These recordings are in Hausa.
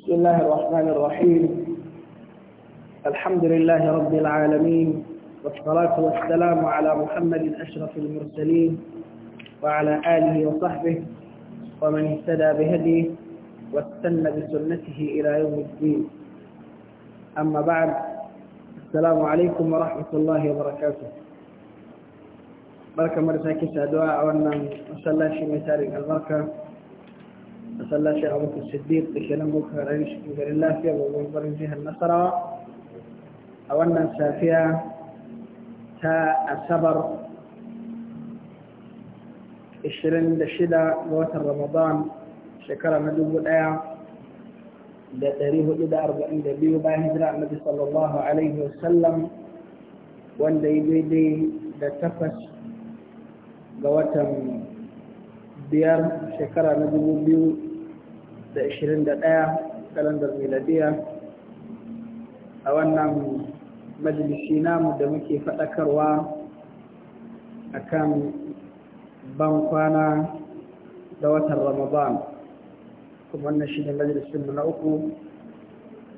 بسم الله الرحمن الرحيم الحمد لله رب العالمين والصلاة والسلام على محمد أشرف المرسلين وعلى آله وصحبه ومن اهتدى بهديه واستنى بسنته إلى يوم الدين أما بعد السلام عليكم ورحمة الله وبركاته بركة مرساكي سادواء وأن شيء مثال البركة masallaci a wakil siddiq da ke nan lafiya babban barin jihar nasarawa a wannan safiya ta asabar 26 ga watan ramadan shekara na 1442 bayan hijira annabi sallallahu alaihi wasallam wanda ya daidai da takwas ga watan biyar shekara na dubu biyu da 21 kalandar miladiya a wannan majalisi namu da muke faɗakarwa a kan ban kwana da watan ramadan kuma wannan shi ne majalisinmu na uku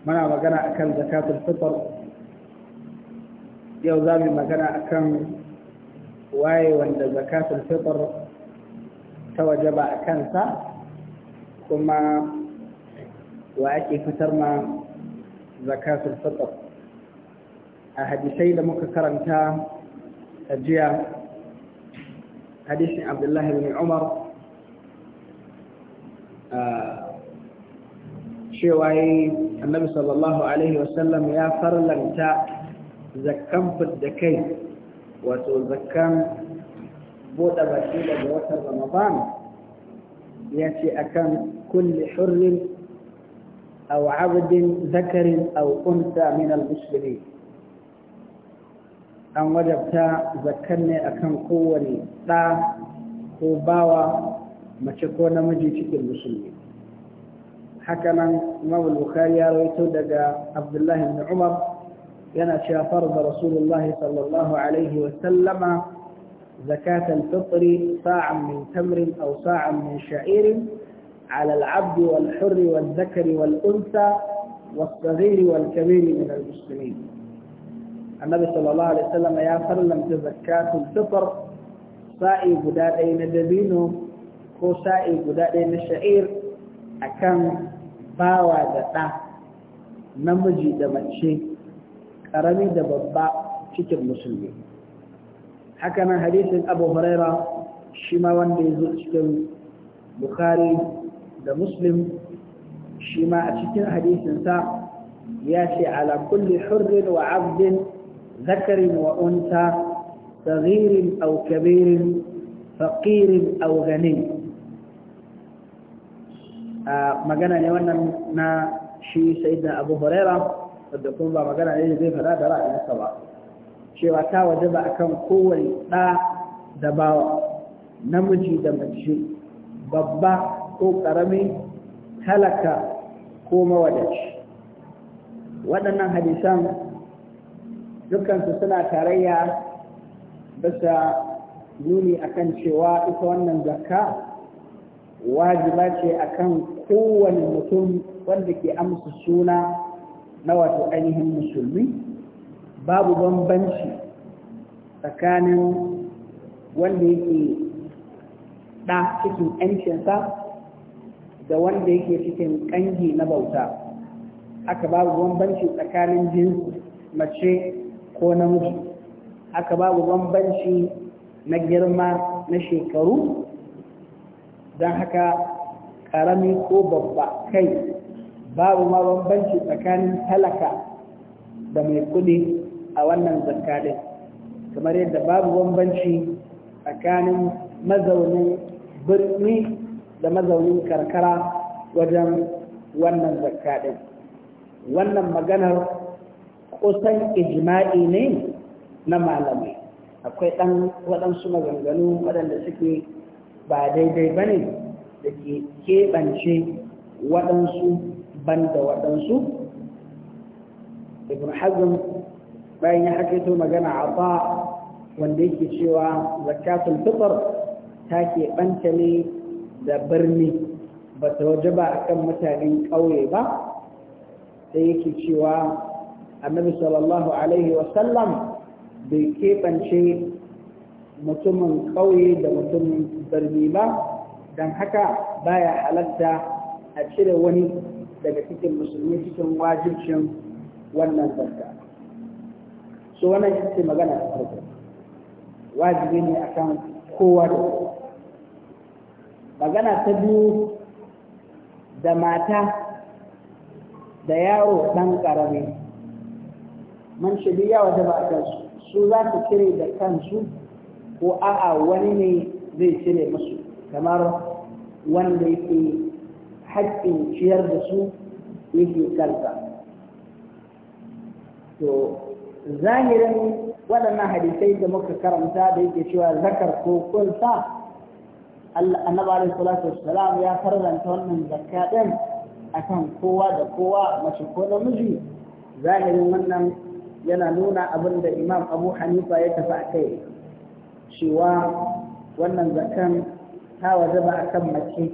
muna magana a kan zakatun fitar yau za mu magana a kan waye wanda zakatun fitar ta waje ba a kansa kuma wa ake fitar ma zakatul fitr a hadisai da muka karanta a jiya hadisin abdullahi bin umar cewa yi annabi sallallahu alaihi wasallam ya farlanta zakkan da kai wato zakkan buɗe baki daga watan ramadan ya akan kulle hurrin aw abdin zakarin aw unsa min al-muslimin an wajabta zakar ne akan kowane ɗa ko bawa mace ko namiji cikin musulmi hakanan imam bukhari ya rawaito daga abdullahi ibn umar yana shafar da rasulullahi sallallahu alaihi wa sallama زكاة الفطر صاعا من تمر أو صاعا من شعير على العبد والحر والذكر والأنثى والصغير والكبير من المسلمين النبي صلى الله عليه وسلم يا فرلم زكاة الفطر سائي guda ɗaya كو سائي ko الشعير guda ɗaya دتا نمجي a أرمي bawa da مسلمين haka nan hadisin abu huraira shi ma wanda ya zo cikin bukhari da muslim shi ma a cikin hadisinsa ya ce ala kulli hurrin wa abdin zakarin wa unta au أو faƙirin au gani غني magana ne wannan na shi da Abu Huraira wanda kuma ba magana ne zai fara da ra'ayinsa ba cewa ta waje ba a kan kowane ɗa da bawa namiji da mace babba ko ƙarami talaka ko mawadaci waɗannan hadisan dukansu suna tarayya bisa nuni akan cewa ita wannan zakka wajiba ce akan kowane mutum wanda ke amsa suna na wato ainihin musulmi babu bambanci tsakanin wanda yake ɗa cikin ‘yancinsa da wanda yake cikin ƙangi na bauta haka babu bambanci tsakanin jinsi mace ko namiji haka babu bambanci na girma na shekaru don haka ƙarami ko babba kai babu ma bambanci tsakanin talaka da mai kuɗi a wannan zakkalin kamar yadda babu bambanci tsakanin mazaunin birni da mazaunin karkara wajen wannan zakkalin wannan maganar kusan ijma'i ne na malamai akwai ɗan waɗansu maganganu waɗanda suke ba daidai ba ne da ke keɓance waɗansu ban da waɗansu ibn hazm bayan ya hakaito magana a ba wanda yake cewa zakatul fitr ta ke ɓanta ne da birni ba ta waje ba a kan mutanen ƙauye ba sai yake cewa annabi sallallahu alaihi wasallam bai keɓance mutumin ƙauye da mutumin birni ba don haka baya halatta a cire wani daga cikin musulmi cikin wajibcin wannan zarka so wannan ita ce magana ta farko wajibi ne akan kowa da magana ta biyu da mata da yaro ɗan ƙarami man shiriya da ba a su za su kire da kansu ko a'a wani ne zai cire musu kamar wanda yake haƙƙin ciyar da su yake kanka to zahirin waɗannan hadisai da muka karanta da yake cewa zakar ko kunsa annabi alaihi salatu wassalam ya faranta wannan zakka din akan kowa da kowa mace ko namiji zahirin wannan yana nuna abin da imam abu hanifa ya tafi a kai cewa wannan zakan ta wajaba a kan mace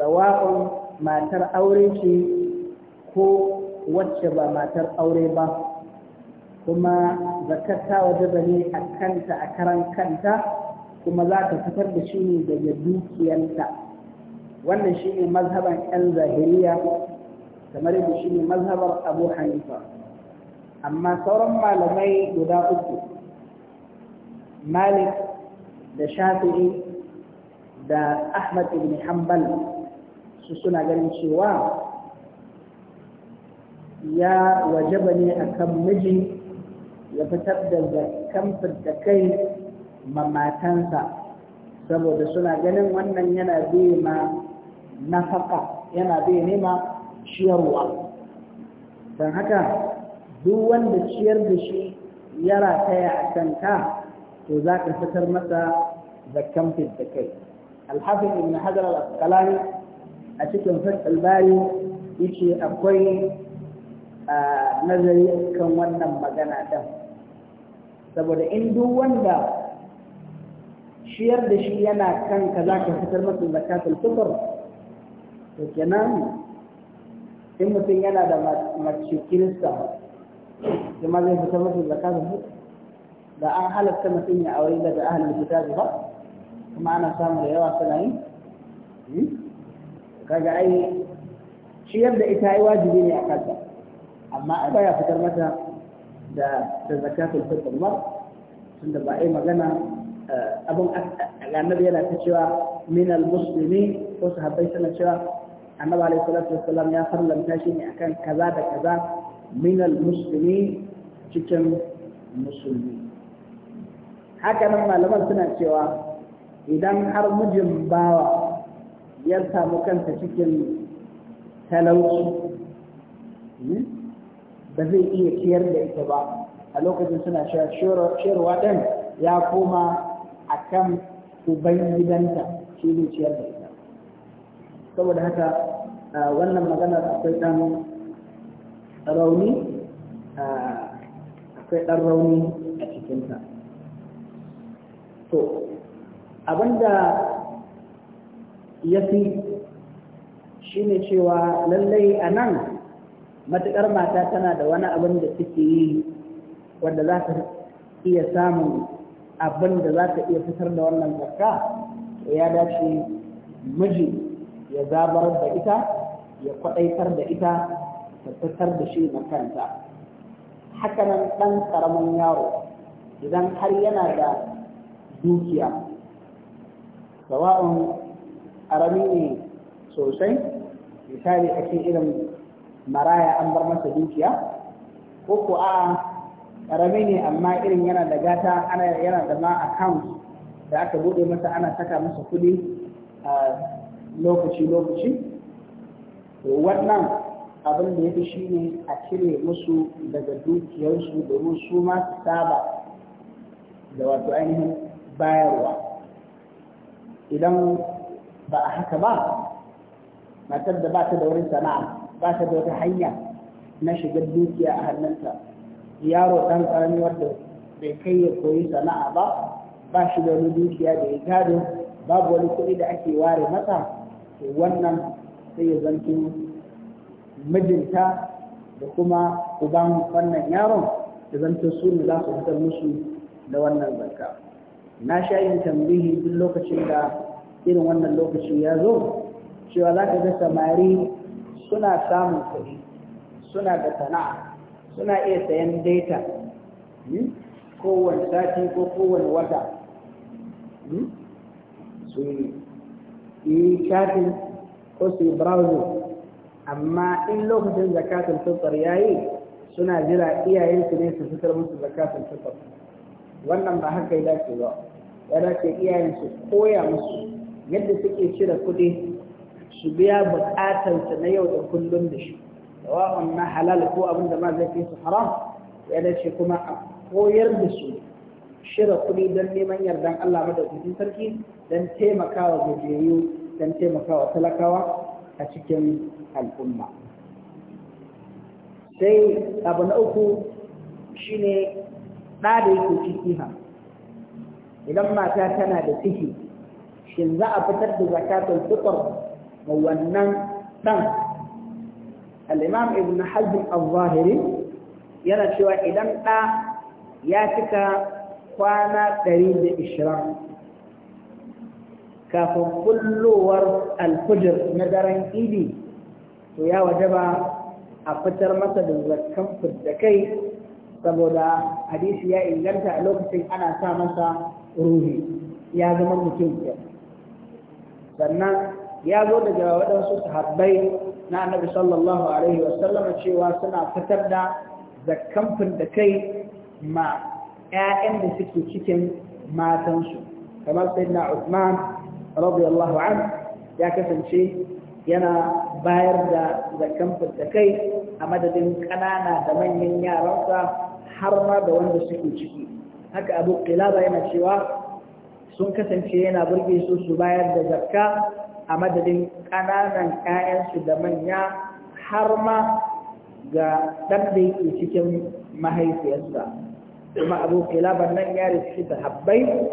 zawa'un matar aure ce ko wacce ba matar aure ba kuma zakar ta wajaba ne a kanta a karan kanta kuma za ka fitar da shi ne daga dukiyanta wannan shi ne mazhaban yan zahiriya kamar yadda shi ne mazhabar abu hanifa amma sauran malamai guda uku malik da shafi'i da ahmad ibn hanbal su suna ganin cewa ya wajaba ne akan miji ya fitar da zakan da kai ma matansa saboda suna ganin wannan yana bai ma nafaka yana bai nema ciyarwa don haka duk wanda ciyar da shi ya rataya a ta to za ka fitar masa zakan da kai alhafin ibn hajar al-asqalani a cikin fatal bari yace akwai ah, nazari kan wannan magana din saboda in duk wanda shiyar da shi yana kan ka za ka fitar masu zakatul fitr to kenan in mutum yana da mace kirista shi ma zai fitar masu zakatul fitr da an halatta mutum ya aure daga ahlul kitabi ba kuma ana samu da yawa suna yi hmm? kaga ai shiyar da ita ai wajibi ne a kansa amma ai baya fitar mata da da zakatul fitr ba tunda ba ai magana abun annabi yana ta cewa min almuslimi ko sahabbai suna cewa annabi alaihi salatu wassalam ya farlanta shi ne akan kaza da kaza min almuslimi cikin musulmi haka nan malaman suna cewa idan har mijin bawa ya samu kanta cikin talauci ba zai iya ciyar da ita ba a lokacin suna shayarwa ɗin ya koma a kan gidanta shi ne ciyar da ita saboda haka wannan maganar akwai ɗan rauni akwai ɗan rauni a cikinta to abinda ya fi shi ne cewa lallai a nan matuƙar mata tana da wani abin da take yi wanda za ta iya samun abin da za ta iya fitar da wannan zakka ya dace miji ya zabar da ita ya kwaɗaitar da ita ta fitar da shi na kanta hakanan ɗan ƙaramin yaro idan har yana da dukiya sawa'un ƙarami ne sosai misali a irin maraya an bar masa dukiya ko ko a karami ne amma irin yana da gata ana yana da ma account da aka bude masa ana saka masa kuɗi a lokaci lokaci to wannan abin da ya fi shi ne a cire musu daga dukiyarsu domin su ma saba da wato ainihin bayarwa idan ba a haka ba matar da ba ta da wurin sana'a ba ta da wata hanya na shigar dukiya a hannunta yaro ɗan karami wanda bai kai ya koyi sana'a ba ba shi da wani dukiya da ya gado babu wani kuɗi da ake ware masa to wannan sai ya zanto mijinta da kuma uban wannan yaron ya zanto su ne za su fitar musu da wannan zakka na sha yin tambihi duk lokacin da irin wannan lokaci ya zo cewa za ka ga samari suna samun kuɗi suna da sana'a suna iya sayan data hmm? kowane sati ko kowane wata hmm? su yi shafin ko su yi browser amma in lokacin zakatun fitar ya yi suna jira iyayensu ne su fitar musu zakatun fitar wannan ba haka ya dace ba ya dace iyayensu koya musu yadda suke cire kuɗi su biya bukatansa na yau da kullum da shi sawa'un na halal ko abin da ma zai fi su haram ya dace kuma a koyar da su shirya kuɗi don neman yardan Allah madaukakin sarki don taimakawa gajiyayyu don taimakawa talakawa a cikin al'umma sai abu na uku shine ɗa da yake ciki ha idan mata tana da ciki shin za a fitar da zakatun fitr wannan ɗan al'imam ibn hajjin al-zahiri yana cewa idan ɗa ya cika kwana 120 kafin kullowar alfujir na daren idi to ya wajaba a fitar masa da zakkan fudda kai saboda hadisi ya inganta a lokacin ana sa masa ruhi ya zama mutum sannan ya zo daga waɗansu sahabbai na annabi sallallahu alaihi wasallama cewa suna fitar da zakamfin da kai ma 'ya'yan da suke cikin matansu kamar sayyidina Uthman radiyallahu an ya kasance yana bayar da zakamfin da kai a madadin ƙanana da manyan yaransa har ma da wanda suke ciki haka abu kilaba yana cewa sun kasance yana burge su su bayar da zakka a madadin ƙananan 'ya'yansu da manya har ma ga ɗan da yake cikin mahaifiyarsa kuma abu kilaban nan ya da habbai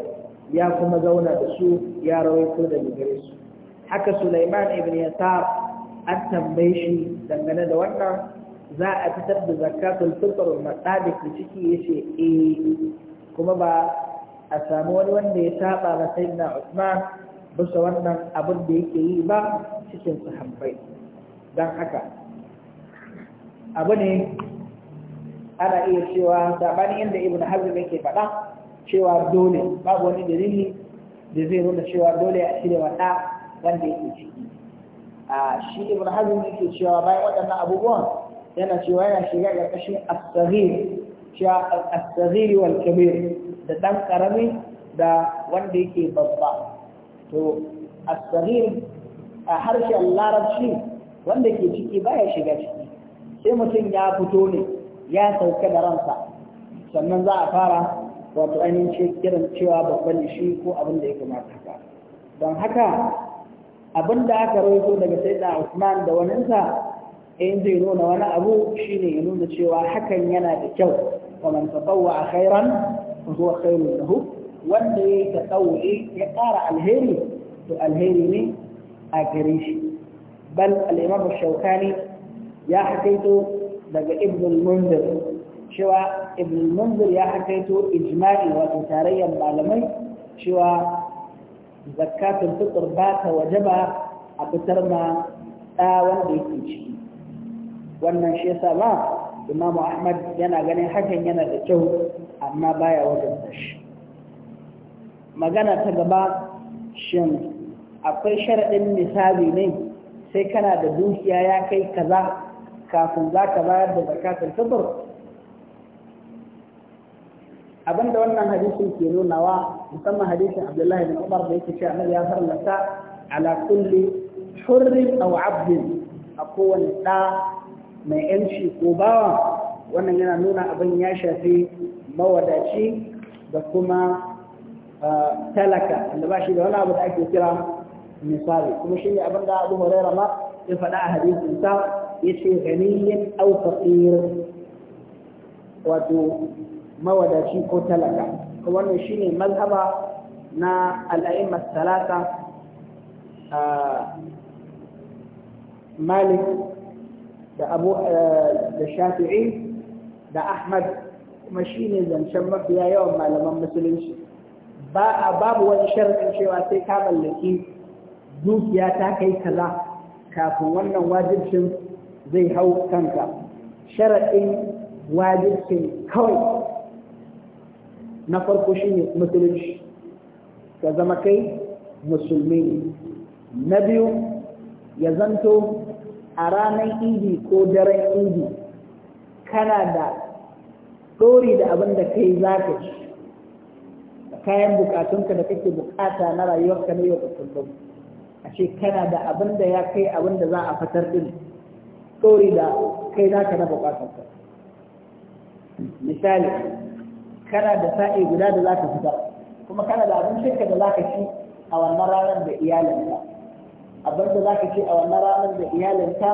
ya kuma zauna da su ya rawaito da gare su haka Sulaiman ibn Yasar an tambaye shi dangane da wannan za a fitar da zakatul fitr matsadik da ciki yace eh kuma ba a sami wani wanda ya saba ba sayyidina Usman bisa wannan abin da yake yi ba cikin sahabbai don haka abu ne ana iya cewa sabani inda ibn hazm yake faɗa cewa dole babu wani dalili da zai nuna cewa dole a cire wanda wanda yake ciki a shi ibn hazm yake cewa bayan waɗannan abubuwan yana cewa yana shiga ƙarƙashin as asirin cewa asirin wal kabir da ɗan ƙarami da wanda yake babba to as a harshen larabci wanda ke ciki baya shiga ciki sai mutum ya fito ne ya sauka da ransa sannan za a fara wato ainihin kiran cewa babban shi ko abin da ya kamata ba don haka abin da aka rawaito daga sai da Usman da waninsa in zai nuna wani abu shine ya nuna cewa hakan yana da kyau wa man tatawwa khairan zuwa huwa khairun lahu wanda ya yi tasawuri ya ƙara alheri to alheri ne a gare shi bal al shaukani ya haƙaito daga ibn al cewa ibn al ya haƙaito ijma'i wato tarayyar malamai cewa zakatul fitr ba ta wajaba a fitar ma ɗa wanda yake ciki wannan shi yasa ma imamu ahmad yana ganin hakan yana da kyau amma baya wajen shi magana ta gaba shin akwai sharaɗin misali ne sai kana da dukiya ya kai kaza kafin za ka bayar da zakatar fitr abinda wannan hadisin ke nunawa musamman hadisin abdullahi bin umar da yake cewa ya farlata ala kulli hurrin aw abdin a kowane ɗa mai yanci ko bawa wannan yana nuna abin ya shafi mawadaci da kuma talaka da ba shi da wani abu da ake kira misali kuma shi ne abin da abu horaira ma ya faɗa a hadisin sa ya ce ganiyyin au faqir wato mawadaci ko talaka kuma wannan shi ne mazhaba na al'aimar talata malik da abu da shafi'i da ahmad kuma shi ne zancen mafiya yawan malaman musulunci ba a babu wani sharaɗin cewa sai ka mallaki dukiya ta kai kaza kafin wannan wajibcin zai hau kanka Sharaɗin wajibcin kawai na farko shi ne musulunci ka zama kai musulmi na biyu ya zanto a ranar idi ko daren idi kana da ɗori da abin da kai za ci kayan bukatunka da kake bukata na rayuwarka na yau da kullum a ce kana da abin da ya kai abin da za a fitar din tsori da kai za ka na bukatarka misali kana da sa'i guda da za ka fitar kuma kana da shirka da za ka ci a wannan ranar da iyalinka abin da za ka ci a wannan ranar da iyalinka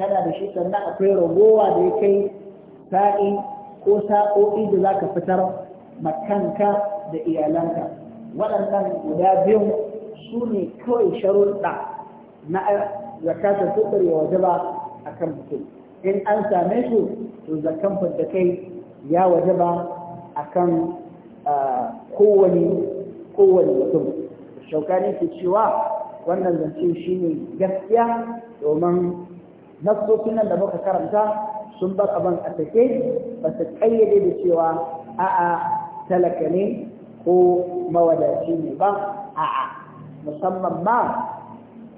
kana da shi sannan akwai ragowa da ya kai sa'i ko sa'o'i da za ka fitar makanka da iyalanka waɗannan guda biyun su ne kawai sharuɗa na zakatar fitar ya wajaba a kan mutum in an same su to zakan fadda kai ya wajaba a kan kowane mutum shaukani ke cewa wannan zance shi ne gaskiya domin nassosin nan da muka karanta sun bar abin a take ba su kayyade da cewa a'a talaka ne ko mawadaci ne ba a'a musamman ma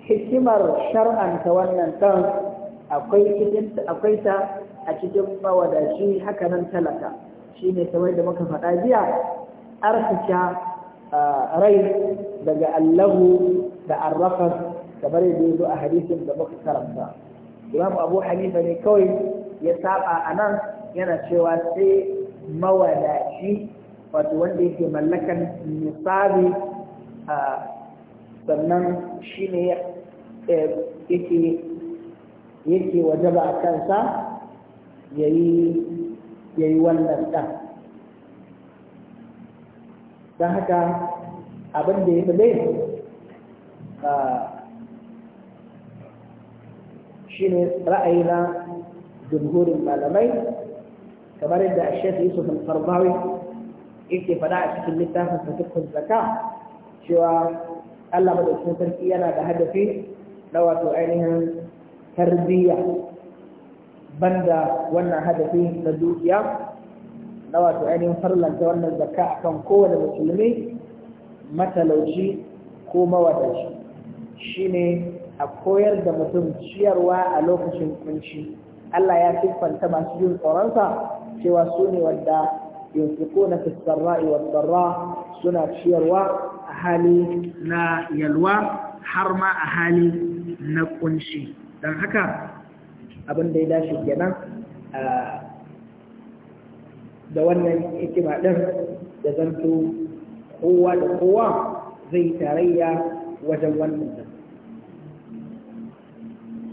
hikimar shar'anta wannan ɗan akwai ta a cikin mawadaci haka nan talaka shi ne kamar da muka faɗa jiya arfisha rai daga allahu da arrafar kamar yadda yazo a hadisin da muka karanta imam abu hanifa ne kawai ya saba a nan yana cewa sai mawadaci wato wanda yake mallakan a sannan shi ne eh, yake wajaba a kansa ya yi wannan ɗan don haka abin da ya fi shi ne ra'ayi na jumhurin malamai kamar yadda shek yusuf al yake faɗa a cikin littafin fasikun zaka cewa Allah madaukakin sarki yana da hadafi na wato ainihin tarbiyya banda wannan hadafi na dukiya na wato ainihin farlanta wannan zakka akan kowane musulmi matalauci ko mawadaci ne a koyar da mutum ciyarwa a lokacin kunci Allah ya siffanta masu yin tsoronsa cewa su ne wadda ينفقون في السراء والضراء سنة yalwa har ma a hali na kunshi. dan haka abin da ya dace kenan da wannan hikima din da zanto kowa da kowa zai tarayya wajen wannan din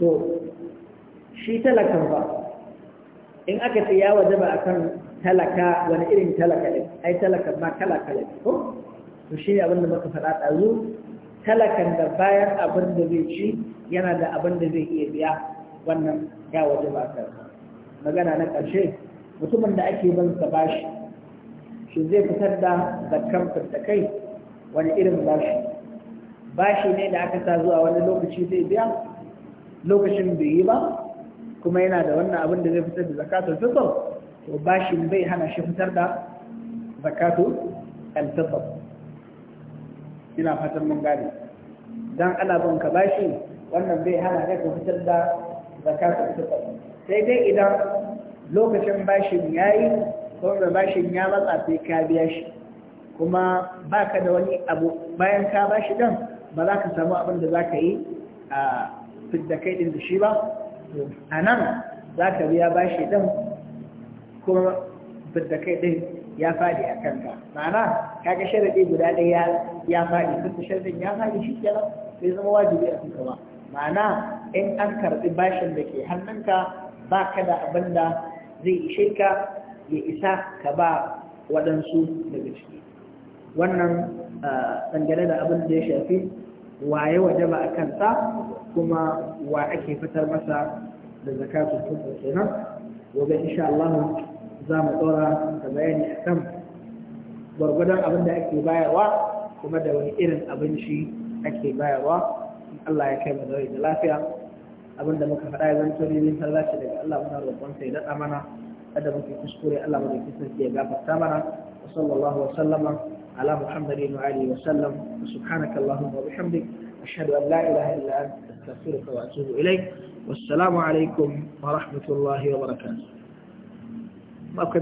to shi talakan ba in aka ce ya wajaba akan talaka wani irin talaka ne ai talaka ma kala kala ne ko to shi ne abin da muka faɗa ɗazu talakan da bayan abin da zai ci yana da abin da zai iya biya wannan ya waje ba ta magana na ƙarshe mutumin da ake ban sa bashi shi zai fitar da zakkan da kai wani irin bashi bashi ne da aka sa zuwa wani lokaci zai biya lokacin bai yi ba kuma yana da wannan abin da zai fitar da zakatul fitr to bashin bai hana shi fitar da zakatu al-fitr ina fatan mun gane dan ana bin ka bashi wannan bai hana ka fitar da zakatu al-fitr sai dai idan lokacin bashin yayi ko da bashin ya matsa sai ka biya shi kuma baka da wani abu bayan ka bashi dan ba za ka samu abin da za ka yi a fidda kai din da shi ba a nan za ka biya bashi din kuma bidda kai ɗin ya faɗi a kanka ma'ana kaga sharaɗi guda ɗaya ya faɗi tun da sharaɗin ya faɗi shi kenan sai zama wajibi a kanka ba ma'ana in an karɓi bashin da ke hannunka ba ka da abin da zai ishe ka ya isa ka ba waɗansu daga ciki wannan dangane da abin da ya shafi waye wajaba a kansa kuma wa ake fitar masa da zakatun kuɗi kenan gobe insha Allah za mu ɗora da bayani a kan gwargwadon abin da ake bayarwa kuma da wani irin abinci ake bayarwa in Allah ya kai mu da lafiya abin da muka faɗa ya zanto ne min tallashi daga Allah muna roƙon sai daɗa mana kada muke kuskure Allah mu da kisan ya gafarta mana wa sallallahu wa sallama ala muhammadin wa alihi wa sallam wa subhanaka allahumma wa bihamdik ashhadu an la ilaha illa anta astaghfiruka wa atubu ilayk wassalamu alaikum wa rahmatullahi wa barakatuh Okay.